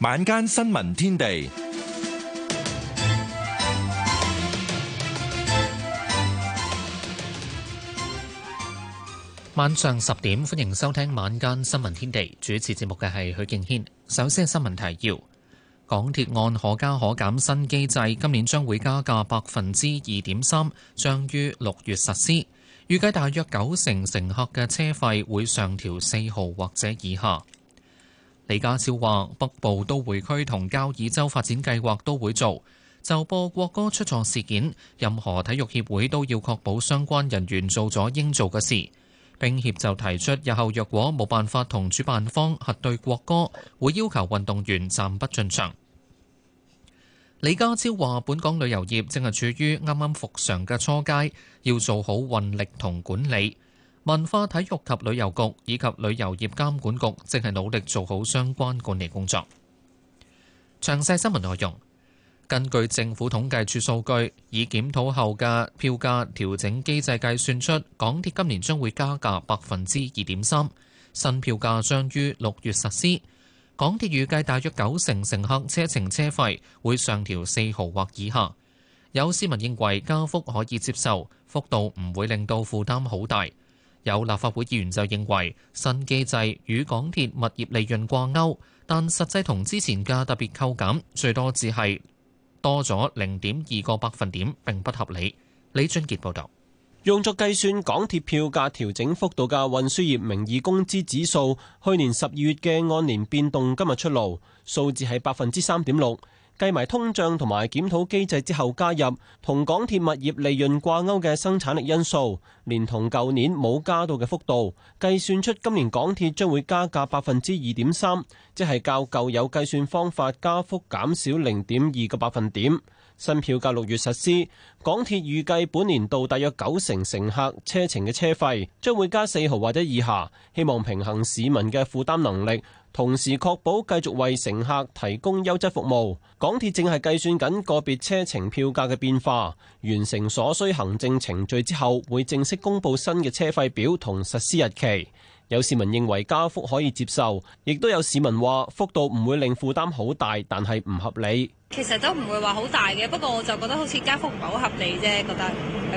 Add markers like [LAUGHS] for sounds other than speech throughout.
晚間新聞天地，晚上十點歡迎收聽晚間新聞天地。主持節目嘅係許敬軒。首先新聞提要：港鐵按可加可減新機制，今年將會加價百分之二點三，將於六月實施。預計大約九成乘客嘅車費會上調四毫或者以下。李家超話：北部都會區同交椅洲發展計劃都會做。就播國歌出錯事件，任何體育協會都要確保相關人員做咗應做嘅事。冰協就提出日後若果冇辦法同主辦方核對國歌，會要求運動員暫不進場。李家超話：本港旅遊業正係處於啱啱復常嘅初階，要做好運力同管理。文化體育及旅遊局以及旅遊業監管局正係努力做好相關管理工作。詳細新聞內容，根據政府統計處數據，以檢討後嘅票價調,調整機制計算出，港鐵今年將會加價百分之二點三，新票價將於六月實施。港鐵預計大約九成乘客車程車費會上調四毫或以下。有市民認為加幅可以接受，幅度唔會令到負擔好大。有立法會議員就認為新機制與港鐵物業利潤掛鈎，但實際同之前嘅特別扣減最多只係多咗零點二個百分點，並不合理。李俊傑報導，用作計算港鐵票價調整幅度嘅運輸業名義工資指數，去年十二月嘅按年變動今日出爐，數字係百分之三點六。計埋通脹同埋檢討機制之後加入同港鐵物業利潤掛鈎嘅生產力因素，連同舊年冇加到嘅幅度，計算出今年港鐵將會加價百分之二點三，即係較舊有計算方法加幅減少零點二個百分點。新票價六月實施，港鐵預計本年度大約九成乘客車程嘅車費將會加四毫或者以下，希望平衡市民嘅負擔能力。同時確保繼續為乘客提供優質服務，港鐵正係計算緊個別車程票價嘅變化，完成所需行政程序之後，會正式公布新嘅車費表同實施日期。有市民認為加幅可以接受，亦都有市民話幅度唔會令負擔好大，但係唔合理。其實都唔會話好大嘅，不過我就覺得好似加幅唔係好合理啫，覺得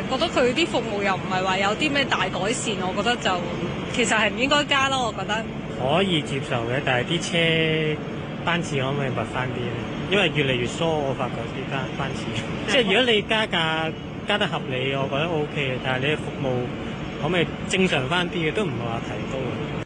覺得佢啲服務又唔係話有啲咩大改善，我覺得就其實係唔應該加咯，我覺得。可以接受嘅，但係啲車班次可唔可以密翻啲咧？因為越嚟越疏，我發覺啲班班次。 [LAUGHS] 即係如果你加價加得合理，我覺得 OK，但係你服務可唔可以正常翻啲嘅？都唔係話提高。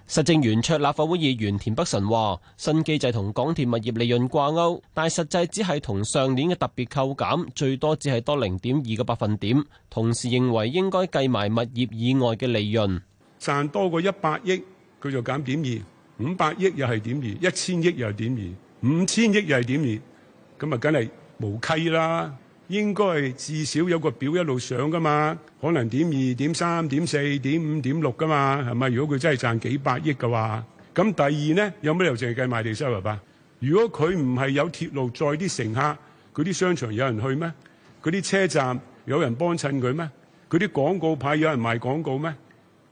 實政圓桌立法會議員田北辰話：新機制同港鐵物業利潤掛鈎，但係實際只係同上年嘅特別扣減最多只係多零點二個百分點。同時認為應該計埋物業以外嘅利潤，賺多過一百億。佢就減點二五百億又係點二一千億又係點二五千億又係點二，咁啊，梗係無稽啦！應該至少有個表一路上噶嘛，可能點二點三點四點五點六噶嘛，係咪？如果佢真係賺幾百億嘅話，咁第二咧，有咩理由淨係計賣地收入呀？如果佢唔係有鐵路載啲乘客，嗰啲商場有人去咩？嗰啲車站有人幫襯佢咩？嗰啲廣告牌有人賣廣告咩？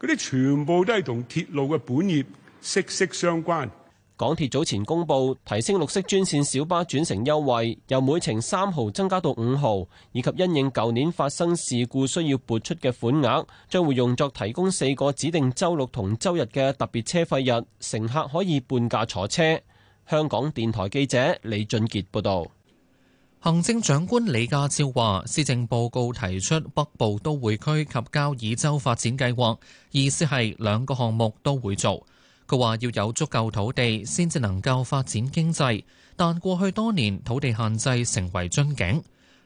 嗰啲全部都係同鐵路嘅本業息息相關。港鐵早前公布提升綠色專線小巴轉乘優惠，由每程三毫增加到五毫，以及因應舊年發生事故需要撥出嘅款額，將會用作提供四個指定週六同週日嘅特別車費日，乘客可以半價坐車。香港電台記者李俊傑報道。行政長官李家超話，施政報告提出北部都會區及交椅洲發展計劃，意思係兩個項目都會做。佢話要有足夠土地，先至能夠發展經濟。但過去多年土地限制成為樽頸。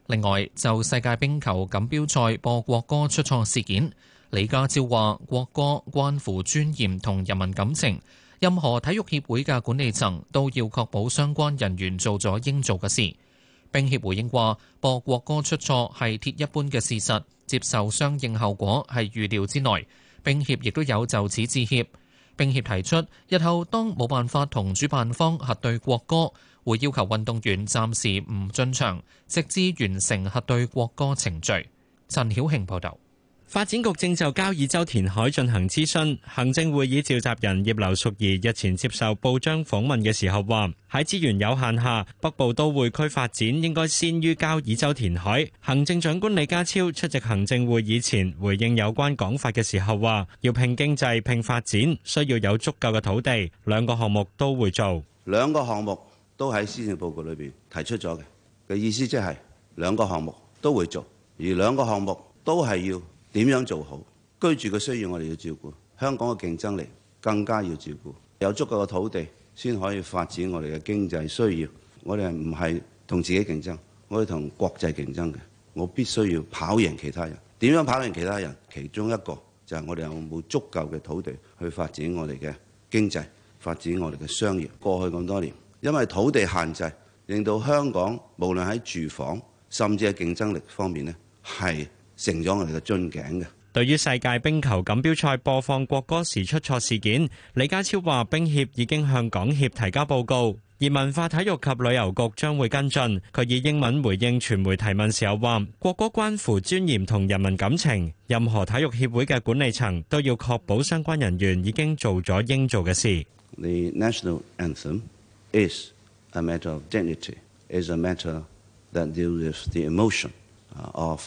另外，就世界冰球錦標賽播國歌出錯事件，李家超話國歌關乎尊嚴同人民感情，任何體育協會嘅管理層都要確保相關人員做咗應做嘅事。乒協回應話：播國歌出錯係鐵一般嘅事實，接受相應後果係預料之內。乒協亦都有就此致歉。乒協提出，日後當冇辦法同主辦方核對國歌，會要求運動員暫時唔進場，直至完成核對國歌程序。陳曉慶報道。發展局正就交椅洲填海進行諮詢。行政會議召集人葉劉淑儀日前接受報章訪問嘅時候話：喺資源有限下，北部都會區發展應該先於交椅洲填海。行政長官李家超出席行政會議前回應有關講法嘅時候話：要拼經濟、拼發展，需要有足夠嘅土地。兩個項目都會做，兩個項目都喺施政報告裏邊提出咗嘅嘅意思，就是，即係兩個項目都會做，而兩個項目都係要。點樣做好居住嘅需要，我哋要照顧香港嘅競爭力，更加要照顧有足夠嘅土地，先可以發展我哋嘅經濟需要。我哋唔係同自己競爭，我哋同國際競爭嘅，我必須要跑贏其他人。點樣跑贏其他人？其中一個就係我哋有冇足夠嘅土地去發展我哋嘅經濟，發展我哋嘅商業。過去咁多年，因為土地限制，令到香港無論喺住房甚至係競爭力方面呢，係成咗我哋嘅樽頸嘅。對於世界冰球錦標賽播放國歌時出錯事件，李家超話：冰協已經向港協提交報告，而文化體育及旅遊局將會跟進。佢以英文回應傳媒提問時候話：國歌關乎尊嚴同人民感情，任何體育協會嘅管理層都要確保相關人員已經做咗應做嘅事。The national anthem is a matter of dignity, is a matter that deals with the emotion of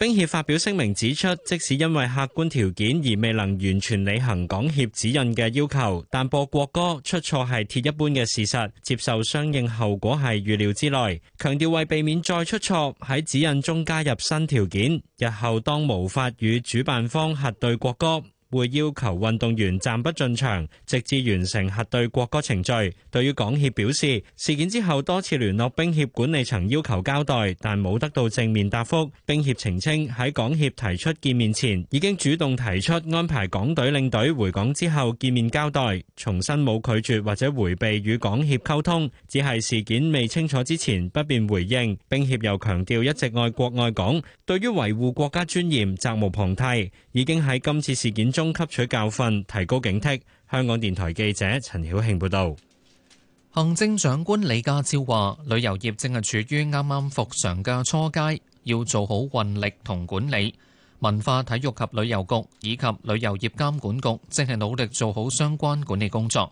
冰協發表聲明指出，即使因為客觀條件而未能完全履行港協指引嘅要求，但播國歌出錯係鐵一般嘅事實，接受相應後果係預料之內。強調為避免再出錯，喺指引中加入新條件，日後當無法與主辦方核對國歌，會要求運動員暫不進場，直至完成核對國歌程序。對於港協表示，事件之後多次聯絡冰協管理層要求交代，但冇得到正面答覆。冰協澄清喺港協提出見面前，已經主動提出安排港隊領隊回港之後見面交代，重申冇拒絕或者回避與港協溝通，只係事件未清楚之前不便回應。冰協又強調一直愛國愛港，對於維護國家尊嚴責無旁貸，已經喺今次事件中。中吸取教訓，提高警惕。香港電台記者陳曉慶報道。行政長官李家超話，旅遊業正係處於啱啱復常嘅初階，要做好運力同管理。文化體育及旅遊局以及旅遊業監管局正係努力做好相關管理工作。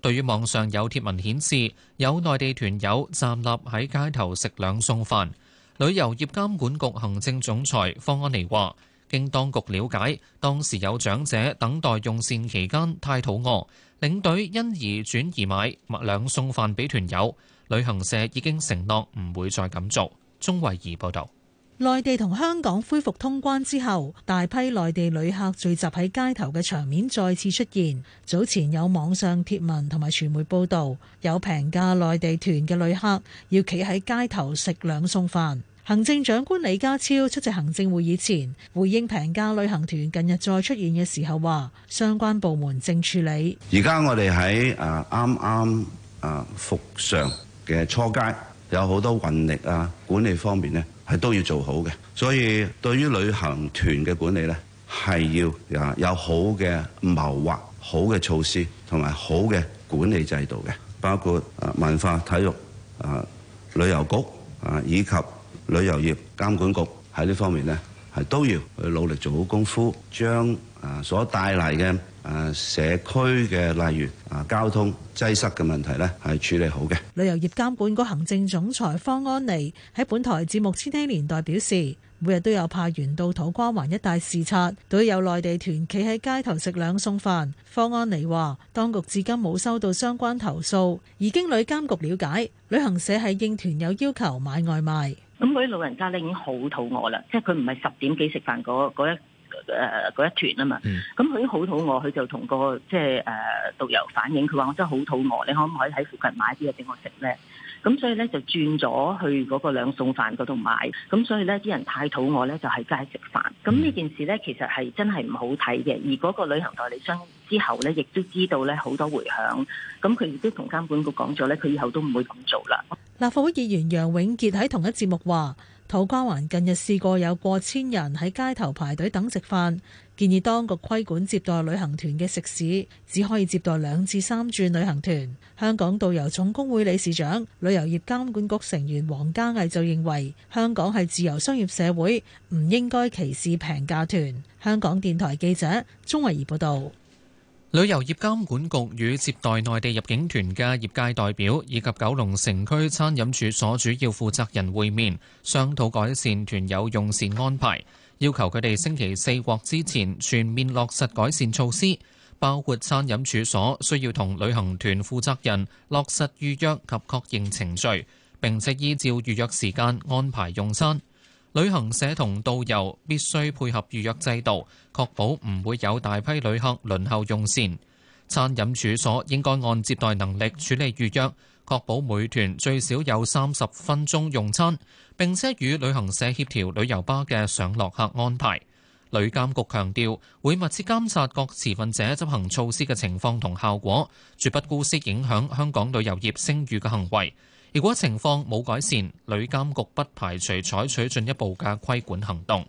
對於網上有貼文顯示有內地團友站立喺街頭食兩餸飯，旅遊業監管局行政總裁方安妮話。經當局了解，當時有長者等待用膳期間太肚餓，領隊因而轉而買兩餸飯俾團友，旅行社已經承諾唔會再咁做。行政長官李家超出席行政會議前回應平價旅行團近日再出現嘅時候話，相關部門正處理。而家我哋喺啊啱啱啊復常嘅初階，有好多運力啊管理方面呢係都要做好嘅，所以對於旅行團嘅管理呢，係要啊有好嘅謀劃、好嘅措施同埋好嘅管理制度嘅，包括啊文化、體育啊旅遊局啊以及。旅遊業監管局喺呢方面咧，係都要去努力做好功夫，將啊所帶嚟嘅啊社區嘅例如啊交通擠塞嘅問題咧，係處理好嘅。旅遊業監管局行政總裁方安妮喺本台節目《千禧年代》表示，每日都有派員到土瓜灣一帶視察，都有內地團企喺街頭食兩餸飯。方安妮話，當局至今冇收到相關投訴，而經旅監局瞭解，旅行社係應團友要求買外賣。咁嗰啲老人家咧已經好肚餓啦，即係佢唔係十點幾食飯嗰一誒一,一團啊嘛。咁佢、mm. 已經好肚餓，佢就同、個即係誒導遊反映，佢話我真係好肚餓，你可唔可以喺附近買啲嘢俾我食咧？咁所以咧就轉咗去嗰個兩餸飯嗰度買，咁所以咧啲人太肚餓咧就喺街食飯。咁呢件事咧其實係真係唔好睇嘅，而嗰個旅行代理商之後咧亦都知道咧好多迴響，咁佢亦都同監管局講咗咧，佢以後都唔會咁做啦。立法會議員楊永傑喺同一節目話。土瓜灣近日試過有過千人喺街頭排隊等食飯，建議當局規管接待旅行團嘅食肆，只可以接待兩至三轉旅行團。香港導遊總工會理事長、旅遊業監管局成員黃嘉毅就認為，香港係自由商業社會，唔應該歧視平價團。香港電台記者鍾維怡報道。旅遊業監管局與接待內地入境團嘅業界代表以及九龍城區餐飲處所主要負責人會面，商討改善團友用膳安排，要求佢哋星期四或之前全面落實改善措施，包括餐飲處所需要同旅行團負責人落實預約及確認程序，並且依照預約時間安排用餐。旅行社同導遊必須配合預約制度，確保唔會有大批旅客輪候用膳。餐飲處所應該按接待能力處理預約，確保每團最少有三十分鐘用餐。並且與旅行社協調旅遊巴嘅上落客安排。旅監局強調，會密切監察各持份者執行措施嘅情況同效果，絕不姑息影響香港旅遊業聲譽嘅行為。如果情況冇改善，旅監局不排除採取進一步嘅規管行動。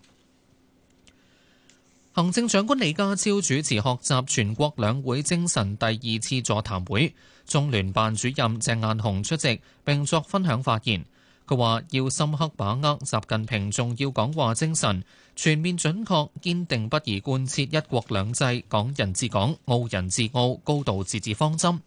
行政長官李家超主持學習全國兩會精神第二次座談會，中聯辦主任鄭雁雄出席並作分享發言。佢話：要深刻把握習近平重要講話精神，全面準確，堅定不移貫徹一國兩制、港人治港、澳人治澳、高度自治方針。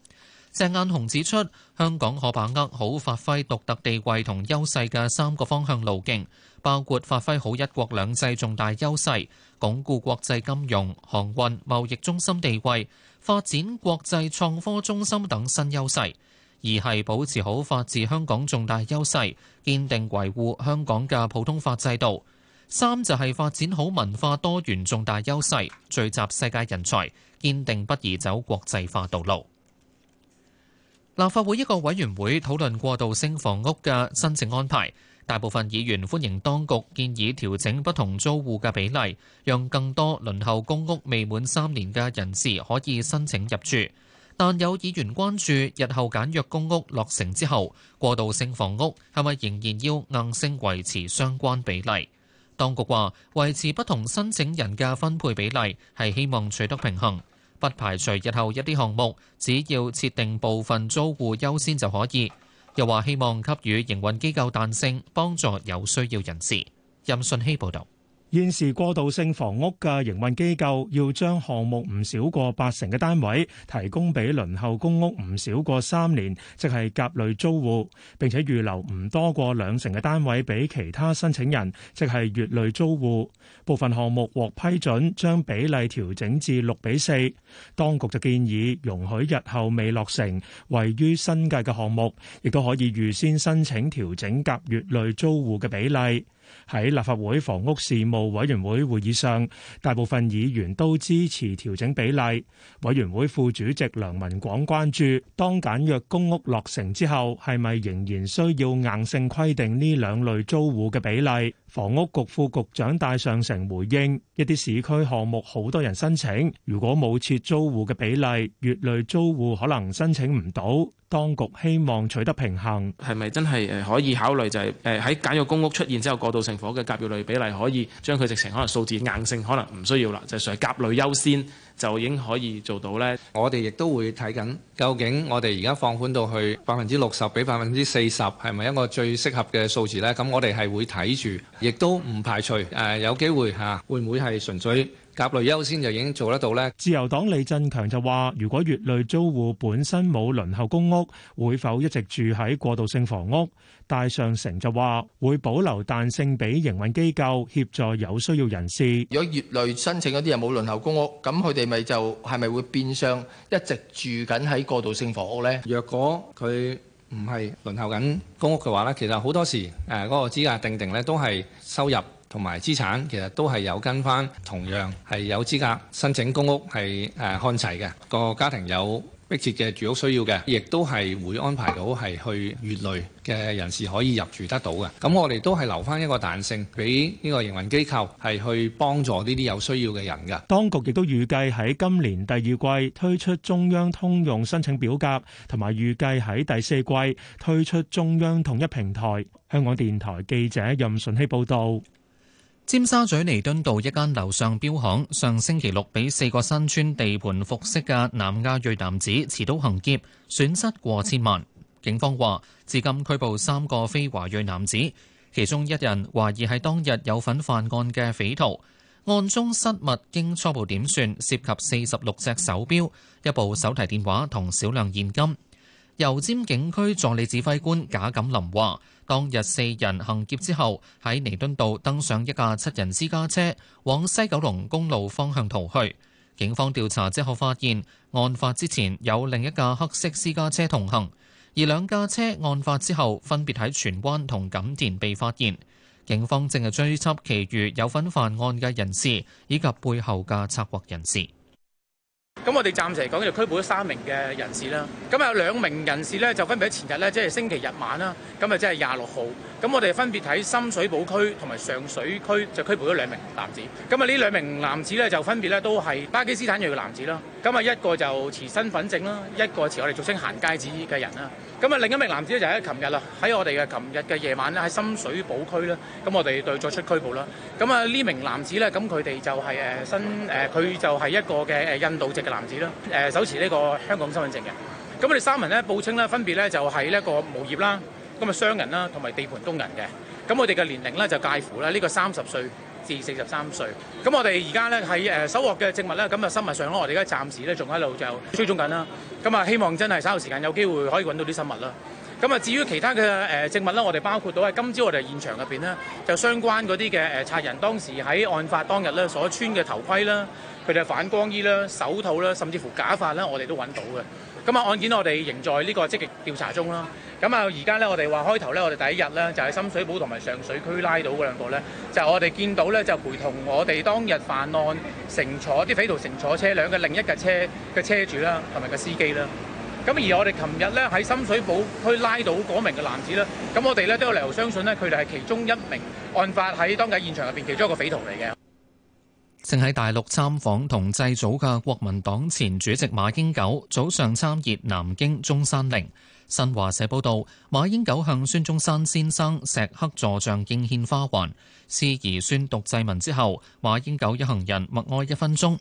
鄭雁雄指出，香港可把握好發揮獨特地位同優勢嘅三個方向路徑，包括發揮好一國兩制重大優勢，鞏固國際金融、航運、貿易中心地位，發展國際創科中心等新優勢；二係保持好法治香港重大優勢，堅定維護香港嘅普通法制度；三就係發展好文化多元重大優勢，聚集世界人才，堅定不移走國際化道路。立法會一個委員會討論過渡性房屋嘅申請安排，大部分議員歡迎當局建議調整不同租戶嘅比例，讓更多輪候公屋未滿三年嘅人士可以申請入住。但有議員關注，日後簡約公屋落成之後，過渡性房屋係咪仍然要硬性維持相關比例？當局話維持不同申請人嘅分配比例係希望取得平衡。不排除日後一啲項目，只要設定部分租戶優先就可以。又話希望給予營運機構彈性，幫助有需要人士。任信希報道。現時過渡性房屋嘅營運機構要將項目唔少過八成嘅單位提供俾輪候公屋唔少過三年，即係甲類租戶，並且預留唔多過兩成嘅單位俾其他申請人，即係乙類租戶。部分項目獲批准將比例調整至六比四。當局就建議容許日後未落成、位於新界嘅項目，亦都可以預先申請調整甲乙類租戶嘅比例。喺立法會房屋事務委員會會議上，大部分議員都支持調整比例。委員會副主席梁文廣關注，當簡約公屋落成之後，係咪仍然需要硬性規定呢兩類租戶嘅比例？房屋局副局長戴尚成回應：一啲市區項目，好多人申請，如果冇設租戶嘅比例，乙類租戶可能申請唔到。當局希望取得平衡，係咪真係誒可以考慮就係誒喺簡約公屋出現之後過渡性火嘅甲乙類比例，可以將佢直情可能數字硬性可能唔需要啦，就係、是、甲類優先。就已經可以做到呢。我哋亦都會睇緊，究竟我哋而家放寬到去百分之六十，比百分之四十係咪一個最適合嘅數字呢？咁我哋係會睇住，亦都唔排除誒、呃、有機會嚇、啊，會唔會係純粹？甲類優先就已經做得到咧。自由黨李振強就話，如果乙類租戶本身冇輪候公屋，會否一直住喺過渡性房屋？大上城就話，會保留彈性俾營運機構協助有需要人士。如果乙類申請嗰啲人冇輪候公屋，咁佢哋咪就係咪會變相一直住緊喺過渡性房屋咧？若果佢唔係輪候緊公屋嘅話咧，其實好多時誒嗰個資格定定咧都係收入。同埋資產，其實都係有跟翻同樣係有資格申請公屋係誒看齊嘅個，個家庭有迫切嘅住屋需要嘅，亦都係會安排到係去月累嘅人士可以入住得到嘅。咁我哋都係留翻一個彈性俾呢個營運機構係去幫助呢啲有需要嘅人嘅。當局亦都預計喺今年第二季推出中央通用申請表格，同埋預計喺第四季推出中央統一平台。香港電台記者任順希報導。尖沙咀彌敦道一間樓上錶行，上星期六俾四個身穿地盤服飾嘅南亞裔男子持刀行劫，損失過千萬。警方話，至今拘捕三個非華裔男子，其中一人懷疑係當日有份犯案嘅匪徒。案中失物經初步點算，涉及四十六隻手錶、一部手提電話同少量現金。油尖警區助理指揮官賈錦林話：當日四人行劫之後，喺彌敦道登上一架七人私家車，往西九龍公路方向逃去。警方調查之後發現，案發之前有另一架黑色私家車同行，而兩架車案發之後分別喺荃灣同錦田被發現。警方正係追緝其餘有份犯案嘅人士以及背後嘅策劃人士。咁我哋暫時嚟講就拘捕咗三名嘅人士啦。咁有兩名人士咧就分別喺前日咧，即係星期日晚啦。咁啊，即係廿六號。咁我哋分別喺深水埗區同埋上水區就拘捕咗兩名男子。咁啊，呢兩名男子咧就分別咧都係巴基斯坦裔嘅男子啦。咁啊，一個就持身份證啦，一個持我哋俗稱行街紙嘅人啦。咁啊，另一名男子咧就喺琴日啦，喺我哋嘅琴日嘅夜晚咧，喺深水埗區啦。咁我哋對作出拘捕啦。咁啊，呢名男子咧，咁佢哋就係誒新誒，佢就係一個嘅誒印度籍嘅男子啦。誒手持呢個香港身份證嘅。咁我哋三人咧報稱咧分別咧就係呢個無業啦，咁啊商人啦，同埋地盤工人嘅。咁我哋嘅年齡咧就介乎啦，呢個三十歲至四十三歲。咁我哋而家咧喺誒搜獲嘅證物咧，咁啊生物上咯，我哋而家暫時咧仲喺度就追蹤緊啦。咁啊，希望真係稍後時間有機會可以揾到啲生物啦。咁啊，至於其他嘅誒證物咧，我哋包括到喺今朝我哋現場入邊咧，就相關嗰啲嘅誒賊人當時喺案發當日咧所穿嘅頭盔啦、佢哋反光衣啦、手套啦，甚至乎假髮咧，我哋都揾到嘅。咁啊，案件我哋仍在呢個積極調查中啦。咁啊，而家咧，我哋話開頭咧，我哋第一日咧，就喺深水埗同埋上水區拉到嗰兩個咧，就係我哋見到咧，就陪同我哋當日犯案乘坐啲匪徒乘坐車輛嘅另一架車嘅車主啦，同埋個司機啦。咁而我哋琴日咧喺深水埗區拉到嗰名嘅男子啦。咁我哋咧都有理由相信咧，佢哋係其中一名案發喺當日現場入邊其中一個匪徒嚟嘅。正喺大陸參訪同祭祖嘅國民黨前主席馬英九早上參謁南京中山陵，新華社報道，馬英九向孫中山先生石刻座像敬獻花環，司儀宣讀祭文之後，馬英九一行人默哀一分鐘。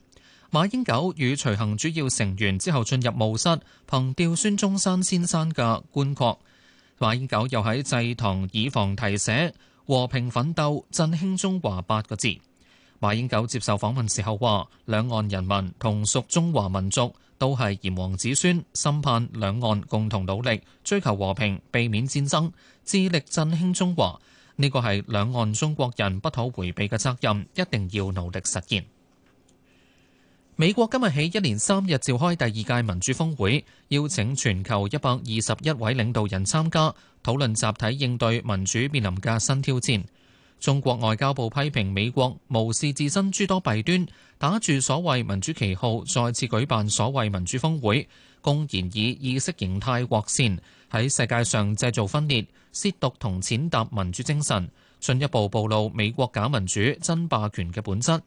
馬英九與隨行主要成員之後進入墓室，憑吊孫中山先生嘅棺槨。馬英九又喺祭堂耳房題寫「和平奮鬥，振興中華」八個字。馬英九接受訪問時候話：兩岸人民同屬中華民族，都係炎黃子孫，深盼兩岸共同努力，追求和平，避免戰爭，致力振興中華。呢個係兩岸中國人不可回避嘅責任，一定要努力實現。美國今日起一連三日召開第二屆民主峰會，邀請全球一百二十一位領導人參加，討論集體應對民主面臨嘅新挑戰。中國外交部批評美國無視自身諸多弊端，打住所謂民主旗號，再次舉辦所謂民主峰會，公然以意識形態劃線，喺世界上製造分裂、褻瀆同踐踏民主精神，進一步暴露美國假民主真霸權嘅本質。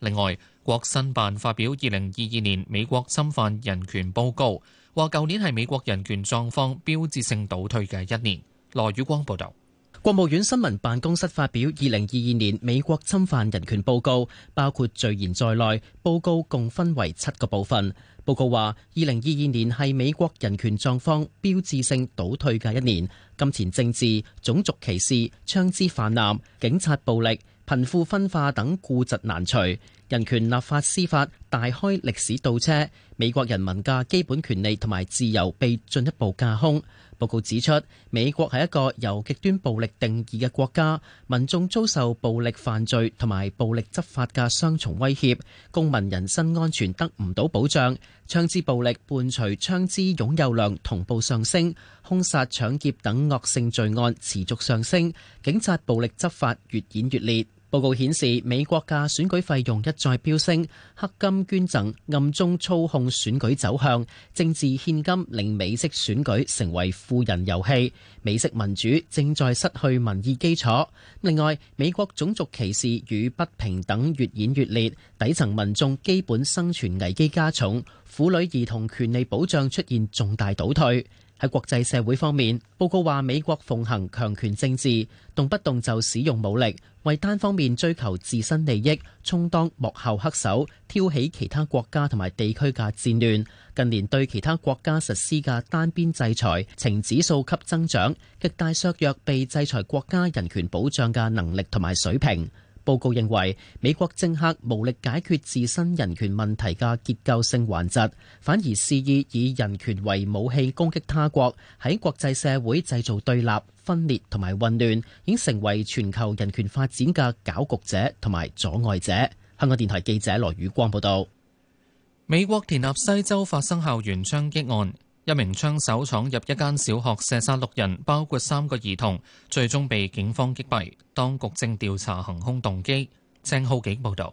另外，國新辦發表《二零二二年美國侵犯人權報告》，話舊年係美國人權狀況標誌性倒退嘅一年。羅宇光報道。國務院新聞辦公室發表《二零二二年美國侵犯人權報告》，包括序言在內，報告共分為七個部分。報告話，二零二二年係美國人權狀況標誌性倒退嘅一年。金錢政治、種族歧視、槍支泛濫、警察暴力、貧富分化等痼疾難除，人權立法司法大開歷史倒車，美國人民嘅基本權利同埋自由被進一步架空。報告指出，美國係一個由極端暴力定義嘅國家，民眾遭受暴力犯罪同埋暴力執法嘅雙重威脅，公民人身安全得唔到保障，槍枝暴力伴隨槍枝擁有量同步上升，兇殺、搶劫等惡性罪案持續上升，警察暴力執法越演越烈。報告顯示，美國嘅選舉費用一再飆升，黑金捐贈暗中操控選舉走向，政治獻金令美式選舉成為富人遊戲，美式民主正在失去民意基礎。另外，美國種族歧視與不平等越演越烈，底層民眾基本生存危機加重，婦女兒童權利保障出現重大倒退。喺國際社會方面，報告話美國奉行強權政治，動不動就使用武力，為單方面追求自身利益，充當幕後黑手，挑起其他國家同埋地區嘅戰亂。近年對其他國家實施嘅單邊制裁，呈指數級增長，極大削弱被制裁國家人權保障嘅能力同埋水平。報告認為，美國政客無力解決自身人權問題嘅結構性頑疾，反而肆意以人權為武器攻擊他國，喺國際社會製造對立、分裂同埋混亂，已經成為全球人權發展嘅攪局者同埋阻礙者。香港電台記者羅宇光報導，美國田納西州發生校園槍擊案。一名槍手闖入一間小學射殺六人，包括三個兒童，最終被警方擊斃。當局正調查行兇動機。鄭浩景報導。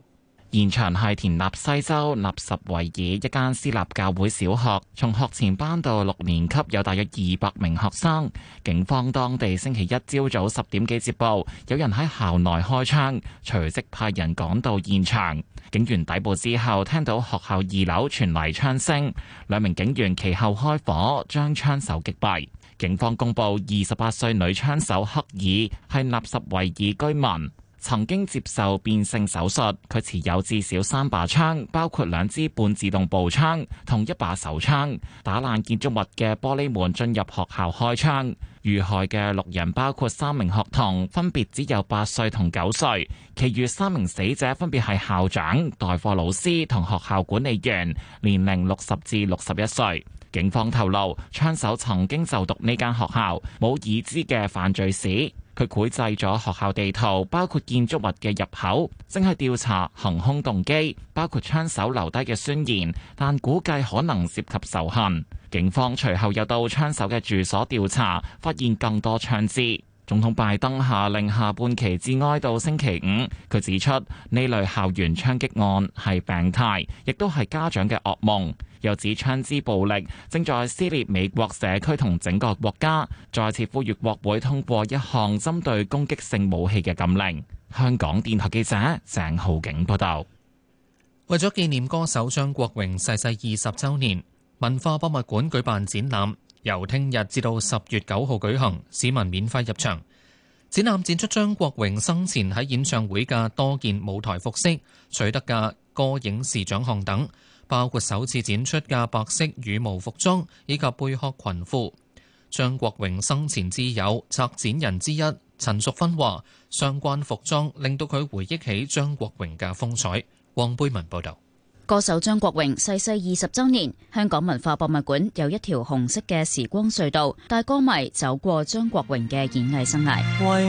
現場係田納西州納什維爾一間私立教會小學，從學前班到六年級有大約二百名學生。警方當地星期一朝早十點幾接報，有人喺校內開槍，隨即派人趕到現場。警員抵步之後，聽到學校二樓傳嚟槍聲，兩名警員其後開火，將槍手擊斃。警方公布，二十八歲女槍手克爾係納什維爾居民。曾經接受變性手術，佢持有至少三把槍，包括兩支半自動步槍同一把手槍，打爛建築物嘅玻璃門進入學校開槍。遇害嘅六人包括三名學童，分別只有八歲同九歲，其餘三名死者分別係校長、代課老師同學校管理員，年齡六十至六十一歲。警方透露，槍手曾經就讀呢間學校，冇已知嘅犯罪史。佢繪製咗學校地圖，包括建築物嘅入口，正係調查行兇動機，包括槍手留低嘅宣言，但估計可能涉及仇恨。警方隨後又到槍手嘅住所調查，發現更多槍支。總統拜登下令下半旗致哀到星期五。佢指出呢類校園槍擊案係病態，亦都係家長嘅噩夢。又指槍支暴力正在撕裂美國社區同整個國家。再次呼籲國會通過一項針對攻擊性武器嘅禁令。香港電台記者鄭浩景報道。為咗紀念歌手張國榮逝世二十週年，文化博物館舉辦展覽。由聽日至到十月九號舉行，市民免費入場。展覽展出張國榮生前喺演唱會嘅多件舞台服飾，取得嘅歌影視獎項等，包括首次展出嘅白色羽毛服裝以及貝殼裙褲。張國榮生前之友、策展人之一陳淑芬話：相關服裝令到佢回憶起張國榮嘅風采。黃貝文報導。歌手張國榮逝世二十周年，香港文化博物館有一條紅色嘅時光隧道，帶歌迷走過張國榮嘅演藝生涯。為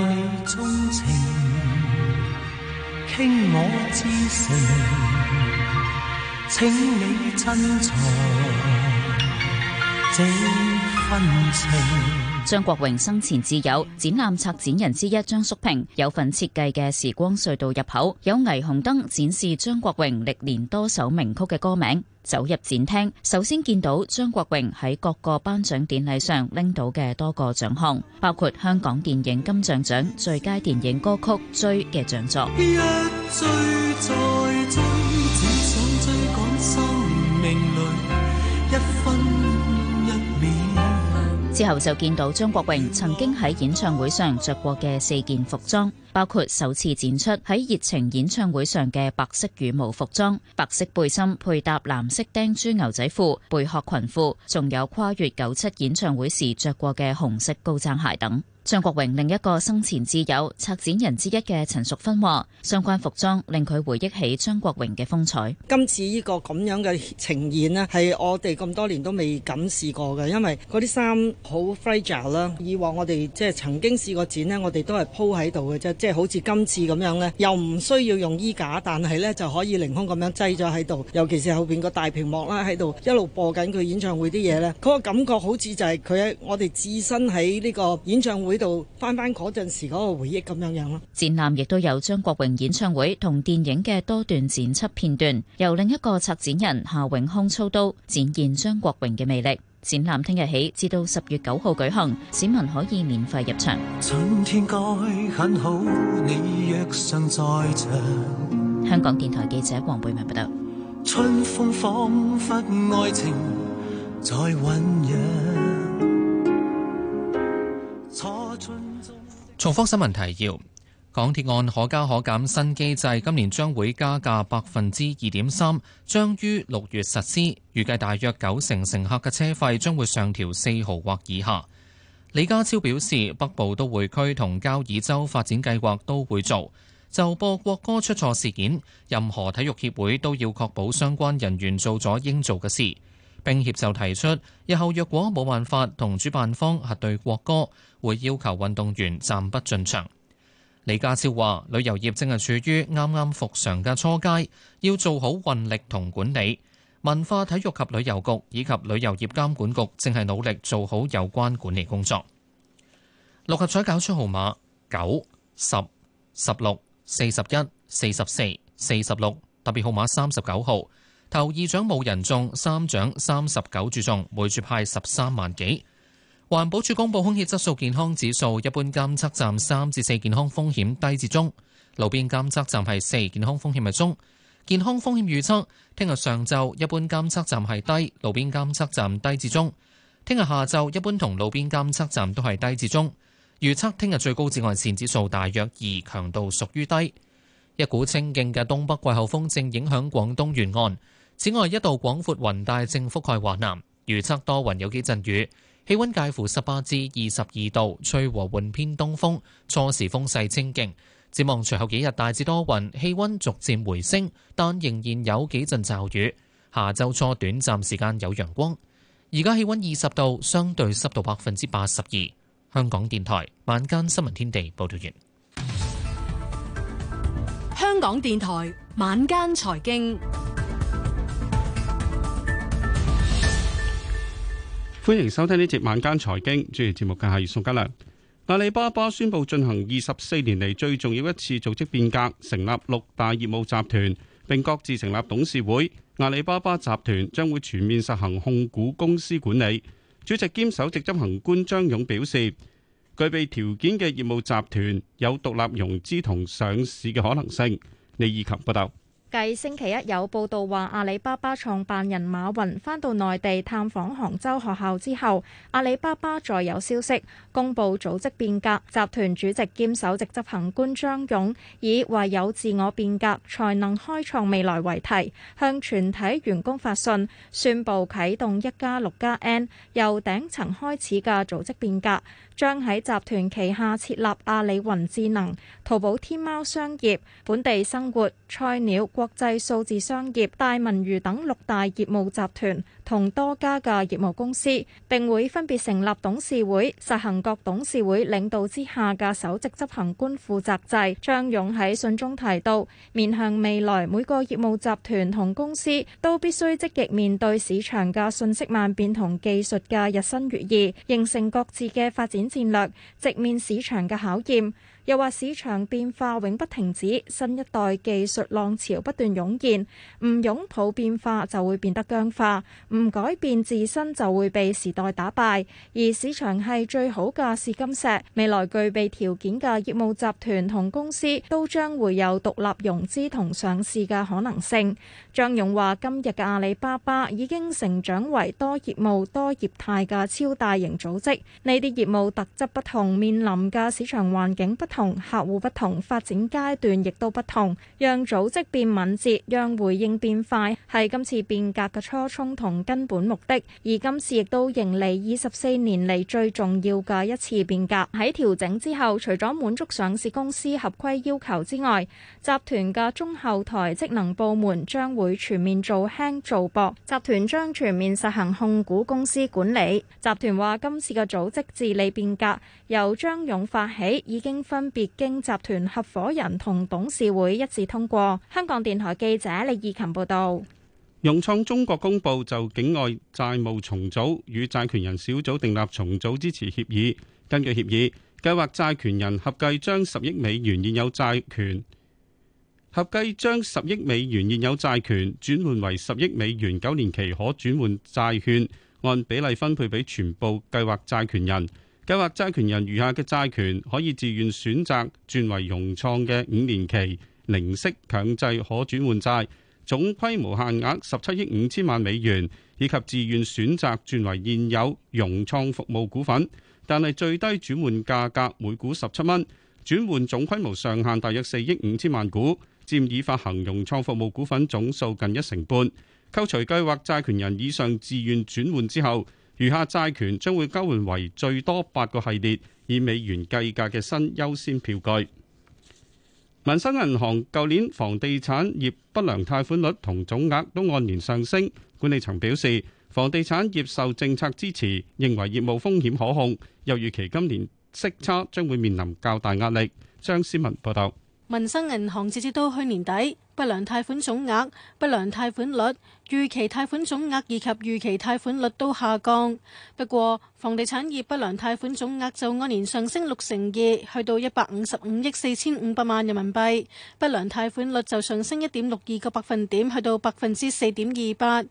你張國榮生前摯友，展覽策展人之一張淑平，有份設計嘅時光隧道入口，有霓虹燈展示張國榮歷年多首名曲嘅歌名，走入展廳。首先見到張國榮喺各個頒獎典禮上拎到嘅多個獎項，包括香港電影金像獎最佳電影歌曲追嘅獎座。 [MUSIC] 之後就見到張國榮曾經喺演唱會上着過嘅四件服裝。包括首次展出喺熱情演唱會上嘅白色羽毛服裝、白色背心配搭藍色釘珠牛仔褲貝殼裙褲，仲有跨越九七演唱會時着過嘅紅色高踭鞋等。張國榮另一個生前摯友、策展人之一嘅陳淑芬話，相關服裝令佢回憶起張國榮嘅風采。今次呢個咁樣嘅呈現咧，係我哋咁多年都未敢試過嘅，因為嗰啲衫好 fragile 啦。以往我哋即係曾經試過展咧，我哋都係鋪喺度嘅啫。即係好似今次咁樣呢，又唔需要用衣架，但係呢就可以凌空咁樣擠咗喺度。尤其是後邊個大屏幕啦，喺度一路播緊佢演唱會啲嘢呢，嗰個感覺好似就係佢喺我哋置身喺呢個演唱會度翻翻嗰陣時嗰個回憶咁樣樣咯。展覽亦都有張國榮演唱會同電影嘅多段剪輯片段，由另一個策展人夏永康操刀，展現張國榮嘅魅力。展覽聽日起至到十月九號舉行，市民可以免費入場。香港電台記者黃貝明報道。春風仿佛愛情在醞釀。重複新聞提要。港鐵按可加可減新機制，今年將會加價百分之二點三，將於六月實施。預計大約九成乘客嘅車費將會上調四毫或以下。李家超表示，北部都會區同交椅洲發展計劃都會做。就播國歌出錯事件，任何體育協會都要確保相關人員做咗應做嘅事。冰協就提出，日後若果冇辦法同主辦方核對國歌，會要求運動員暫不進場。李家超話：旅遊業正係處於啱啱復常嘅初階，要做好運力同管理。文化體育及旅遊局以及旅遊業監管局正係努力做好有關管理工作。六合彩攪出號碼九、十、十六、四十一、四十四、四十六，特別號碼三十九號，頭二獎冇人中，三獎三十九注中，每注派十三萬幾。環保署公布空氣質素健康指數，一般監測站三至四健康風險低至中，路邊監測站係四健康風險係中。健康風險預測聽日上晝一般監測站係低，路邊監測站低至中。聽日下晝一般同路邊監測站都係低至中。預測聽日最高紫外線指數大約二，強度屬於低。一股清勁嘅東北季候風正影響廣東沿岸，此外一度廣闊雲帶正覆蓋華南，預測多雲有幾陣雨。氣溫介乎十八至二十二度，吹和緩偏東風，初時風勢清勁。展望隨後幾日大致多雲，氣溫逐漸回升，但仍然有幾陣驟雨。下周初短暫時間有陽光。而家氣溫二十度，相對濕度百分之八十二。香港電台晚間新聞天地報道完。香港電台晚間財經。歡迎收聽呢節晚間財經，主持節目嘅係宋嘉良。阿里巴巴宣布進行二十四年嚟，最重要一次組織變革，成立六大業務集團，並各自成立董事會。阿里巴巴集團將會全面實行控股公司管理。主席兼首席執行官官張勇表示，具備條件嘅業務集團有獨立融資同上市嘅可能性。李意琴報道。繼星期一有報道話阿里巴巴創辦人馬雲返到內地探訪杭州學校之後，阿里巴巴再有消息公佈組織變革，集團主席兼首席執行官張勇以唯有自我變革才能開創未來為題，向全體員工發信，宣佈啟動一加六加 N 由頂層開始嘅組織變革。將喺集團旗下設立阿里雲智能、淘寶、天貓商業、本地生活、菜鳥、國際數字商業、大文娛等六大業務集團。同多家嘅業務公司，並會分別成立董事會，實行各董事會領導之下嘅首席執行官負責制。張勇喺信中提到，面向未來，每個業務集團同公司都必須積極面對市場嘅信息萬變同技術嘅日新月異，形成各自嘅發展戰略，直面市場嘅考驗。又話市場變化永不停止，新一代技術浪潮不斷湧現，唔擁抱變化就會變得僵化，唔改變自身就會被時代打敗。而市場係最好嘅試金石，未來具備條件嘅業務集團同公司都將會有獨立融資同上市嘅可能性。張勇話：今日嘅阿里巴巴已經成長為多業務、多業態嘅超大型組織，呢啲業務特質不同，面臨嘅市場環境不同。同客戶不同，發展階段亦都不同，讓組織變敏捷，讓回應變快，係今次變革嘅初衷同根本目的。而今次亦都迎嚟二十四年嚟最重要嘅一次變革。喺調整之後，除咗滿足上市公司合規要求之外，集團嘅中後台職能部門將會全面做輕做薄，集團將全面實行控股公司管理。集團話今次嘅組織治理變革由張勇發起，已經分。分別經集團合伙人同董事會一致通過。香港電台記者李義琴報道。融創中國公布就境外債務重組與債權人小組訂立重組支持協議。根據協議，計劃債權人合計將十億美元現有債權，合計將十億美元現有債權轉換為十億美元九年期可轉換債券，按比例分配俾全部計劃債權人。計劃債權人餘下嘅債權可以自願選擇轉為融創嘅五年期零息強制可轉換債，總規模限額十七億五千萬美元，以及自願選擇轉為現有融創服務股份，但係最低轉換價格每股十七蚊，轉換總規模上限大約四億五千萬股，佔已發行融創服務股份總數近一成半。扣除計劃債權人以上自願轉換之後。餘下債權將會交換為最多八個系列以美元計價嘅新優先票據。民生銀行舊年房地產業不良貸款率同總額都按年上升，管理層表示房地產業受政策支持，認為業務風險可控，又預期今年息差將會面臨較大壓力。張思文報導。民生銀行截至到去年底，不良貸款總額、不良貸款率、預期貸款總額以及預期貸款率都下降。不過，房地產業不良貸款總額就按年上升六成二，去到一百五十五億四千五百萬人民幣。不良貸款率就上升一點六二個百分點，去到百分之四點二八。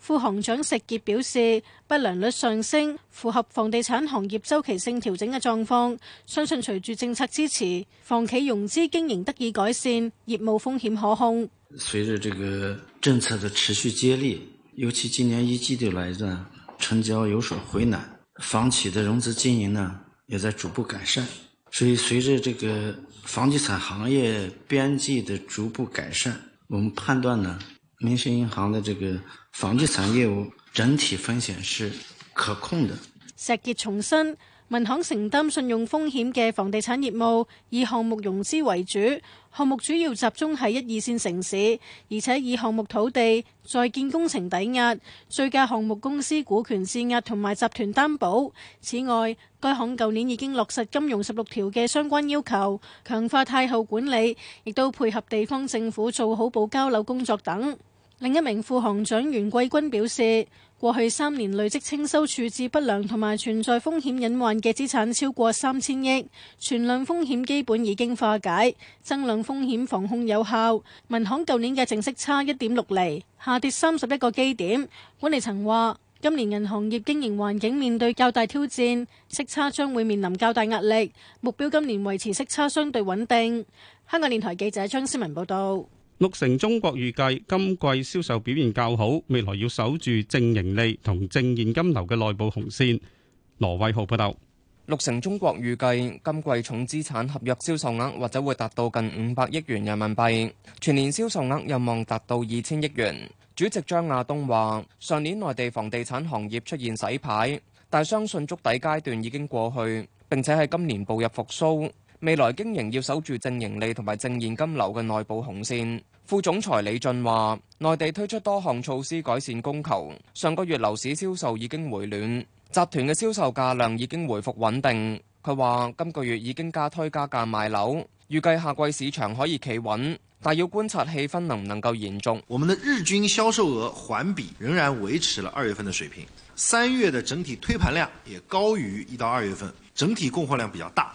副行長石杰表示，不良率上升符合房地產行業周期性調整嘅狀況。相信隨住政策支持，房企融資經營得以改善，業務風險可控。隨着這個政策的持續接力，尤其今年一季度來呢，成交有所回暖，房企的融資經營呢也在逐步改善。所以隨着這個房地產行業邊際的逐步改善，我們判斷呢，民生銀行的這個房地產業務整體風險是可控的。石傑重申。民行承擔信用風險嘅房地產業務，以項目融資為主，項目主要集中喺一二線城市，而且以項目土地、在建工程抵押、在建項目公司股權質押同埋集團擔保。此外，該行舊年已經落實金融十六條嘅相關要求，強化貸後管理，亦都配合地方政府做好保交樓工作等。另一名副行長袁桂軍表示。過去三年累積清收處置不良同埋存在風險隱患嘅資產超過三千億，存量風險基本已經化解，增量風險防控有效。民行舊年嘅淨息差一點六厘，下跌三十一個基點。管理層話，今年銀行業經營環境面對較大挑戰，息差將會面臨較大壓力，目標今年維持息差相對穩定。香港電台記者張思文報道。六成中國預計今季銷售表現較好，未來要守住正盈利同正現金流嘅內部紅線。羅偉浩報道。六成中國預計今季重資產合約銷售額或者會達到近五百億元人民幣，全年銷售額有望達到二千億元。主席張亞東話：上年內地房地產行業出現洗牌，但相信築底階段已經過去，並且喺今年步入復蘇。未來經營要守住正盈利同埋正現金流嘅內部紅線。副總裁李俊話，內地推出多項措施改善供求，上個月樓市銷售已經回暖，集團嘅銷售價量已經回復穩定。佢話，今個月已經加推加價賣樓，預計下季市場可以企穩，但要觀察氣氛能唔能夠延續。我們的日均銷售額環比仍然維持了二月份的水平，三月嘅整體推盤量也高於一到二月份，整體供貨量比較大。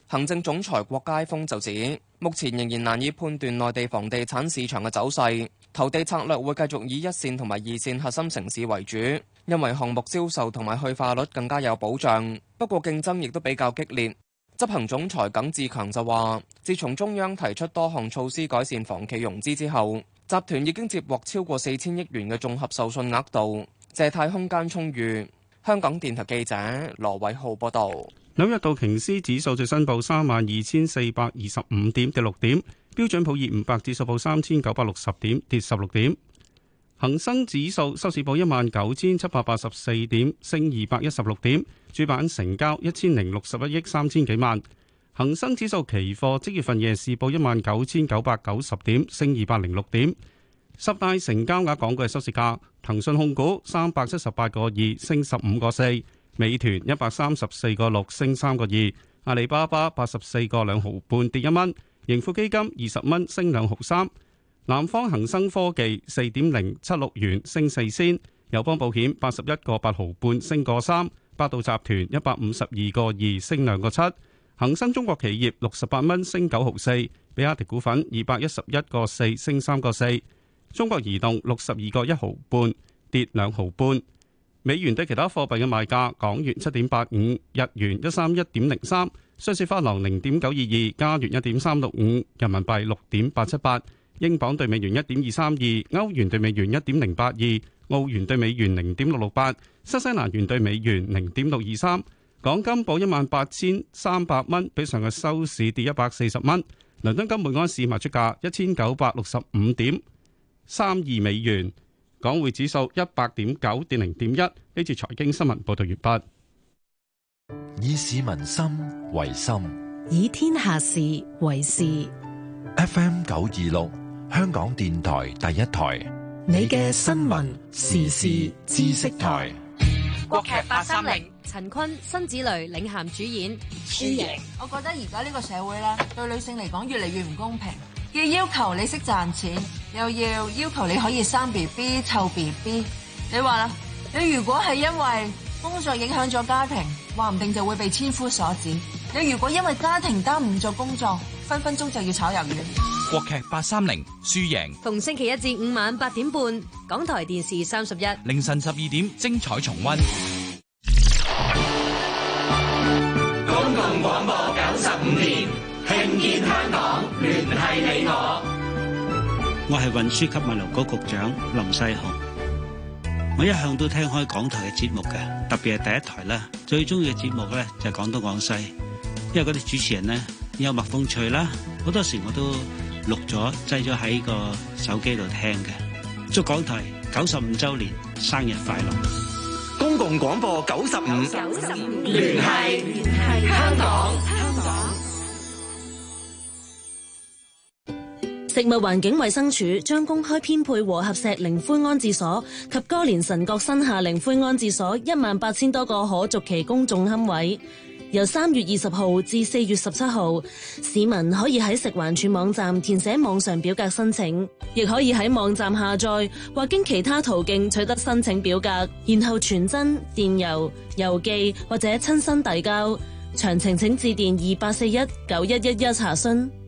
行政總裁郭佳峰就指，目前仍然難以判斷內地房地產市場嘅走勢，投地策略會繼續以一線同埋二線核心城市為主，因為項目銷售同埋去化率更加有保障。不過競爭亦都比較激烈。執行總裁耿志強就話，自從中央提出多項措施改善房企融資之後，集團已經接獲超過四千億元嘅綜合授信額度，借貸空間充裕。香港電台記者羅偉浩報道。紐約道瓊斯指數最新報三萬二千四百二十五點，跌六點；標準普爾五百指數報三千九百六十點，跌十六點；恒生指數收市報一萬九千七百八十四點，升二百一十六點；主板成交一千零六十一億三千幾萬；恒生指數期貨即月份夜市報一萬九千九百九十點，升二百零六點；十大成交額港股嘅收市價，騰訊控股三百七十八個二，升十五個四。美團一百三十四個六升三個二，阿里巴巴八十四個兩毫半跌一蚊，盈富基金二十蚊升兩毫三，南方恒生科技四點零七六元升四仙，友邦保險八十一個八毫半升個三，百度集團一百五十二個二升兩個七，恒生中國企業六十八蚊升九毫四，比亞迪股份二百一十一個四升三個四，中國移動六十二個一毫半跌兩毫半。美元對其他貨幣嘅賣價：港元七點八五，日元一三一點零三，瑞士法郎零點九二二，加元一點三六五，人民幣六點八七八，英鎊對美元一點二三二，歐元對美元一點零八二，澳元對美元零點六六八，新西蘭元對美元零點六二三。港金報一萬八千三百蚊，比上日收市跌一百四十蚊。倫敦金每安士賣出價一千九百六十五點三二美元。港匯指數一百點九點零點一。呢次財經新聞報道完畢。以市民心為心，以天下事為事。FM 九二六，香港電台第一台。你嘅新聞時事知識台。國劇八三零，陳坤、辛芷蕾領銜主演。輸贏營，我覺得而家呢個社會咧，對女性嚟講越嚟越唔公平。既要要求你識賺錢，又要要求你可以生 B B 湊 B B，你話啦，你如果係因為工作影響咗家庭，話唔定就會被千夫所指；你如果因為家庭耽誤咗工作，分分鐘就要炒魷魚。國劇八三零輸贏，逢星期一至五晚八點半，港台電視三十一，凌晨十二點精彩重溫。我係運輸及物流局局長林世雄，我一向都聽開港台嘅節目嘅，特別係第一台啦，最中意嘅節目咧就係講東講西，因為嗰啲主持人咧幽默風趣啦，好多時我都錄咗、製咗喺個手機度聽嘅。祝港台九十五周年生日快樂！公共廣播九十五，九十五，聯繫，聯繫香港，香港。食物環境衛生署將公開編配和合石靈灰安置所及哥連臣角新下靈灰安置所一萬八千多個可續期公眾龕位，由三月二十號至四月十七號，市民可以喺食環署網站填寫網上表格申請，亦可以喺網站下載或經其他途徑取得申請表格，然後傳真、電郵、郵寄或者親身遞交。詳情請致電二八四一九一一一查詢。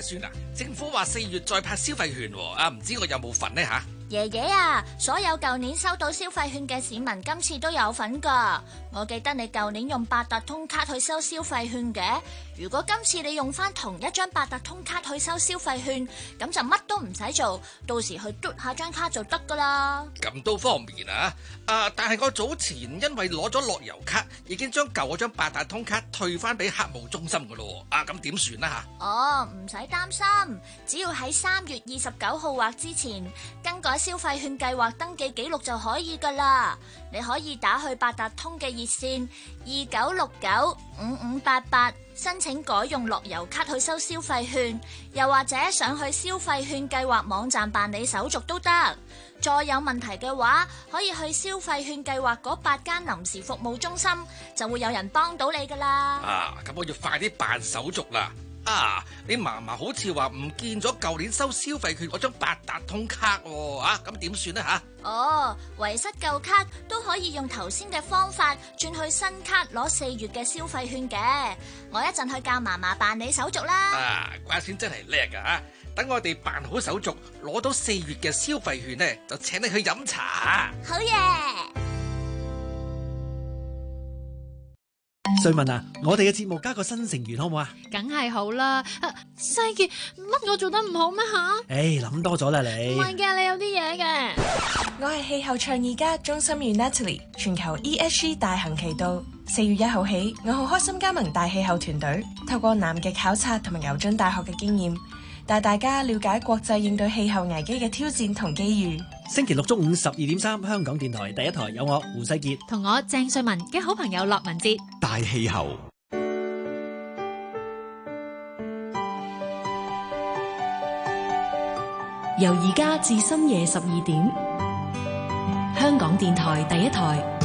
算啦，政府話四月再拍消費券啊，唔知我有冇份呢？嚇、啊。爺爺啊，所有舊年收到消費券嘅市民今次都有份噶。我記得你舊年用八達通卡去收消費券嘅，如果今次你用翻同一張八達通卡去收消費券，咁就乜都唔使做，到時去嘟下張卡就得噶啦。咁都方便啊！啊，但係我早前因為攞咗樂悠卡，已經將舊嗰張八達通卡退翻俾客務中心噶咯。啊，咁點算啊吓？哦，唔使擔心，只要喺三月二十九號或之前更改，消費券計劃登記記錄就可以噶啦，你可以打去八達通嘅熱線二九六九五五八八申請改用樂悠卡去收消費券，又或者上去消費券計劃網站辦理手續都得。再有問題嘅話，可以去消費券計劃嗰八間臨時服務中心就會有人幫到你噶啦。啊，咁我要快啲辦手續啦。啊！你嫲嫲好似話唔見咗舊年收消費券嗰張八達通卡喎，啊！咁點算咧吓？哦，遺失舊卡都可以用頭先嘅方法轉去新卡攞四月嘅消費券嘅。我一陣去教嫲嫲辦理手續啦，啊。啊，乖孫真係叻㗎，等我哋辦好手續，攞到四月嘅消費券呢，就請你去飲茶。好嘢！對問啊！我哋嘅節目加個新成員好唔好啊？梗係好啦！世傑，乜我做得唔好咩嚇？誒、哎，諗多咗啦你。唔係嘅，你有啲嘢嘅。我係氣候倡議家，中心與 Natalie，全球 ESG 大行其道。四月一號起，我好開心加盟大氣候團隊，透過南極考察同埋牛津大學嘅經驗。帶大家了解國際應對氣候危機嘅挑戰同機遇。星期六中午十二點三，3，香港電台第一台有我胡世杰，同我鄭瑞文嘅好朋友駱文哲。大氣候，由而家至深夜十二點，香港電台第一台。